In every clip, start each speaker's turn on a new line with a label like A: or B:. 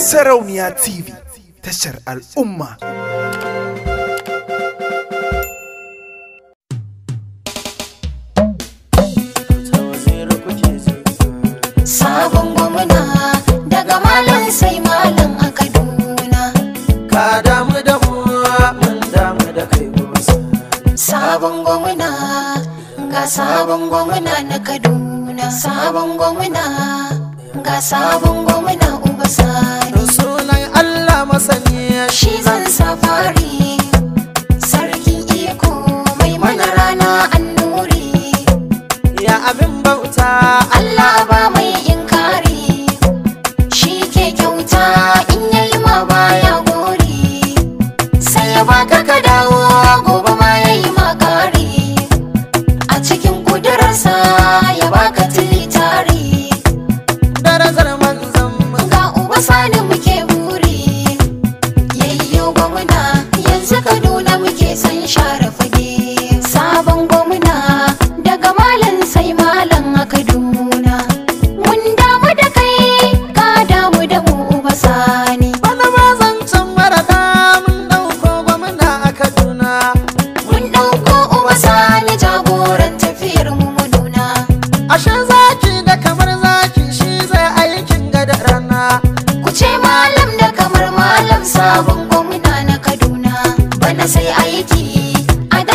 A: Sarauniya TV tashar al'umma. Sabon gwamna daga malam sai malam a Kaduna. Ka damu da mu, mun damu da kai gosa. Sabon gwamna ga sabon gwamna na Kaduna. Sabon gwamna ga sabon gwamna ubasa. shi safari sarkin iko mai mana rana annuri ya abin bauta Allah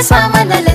A: kasama na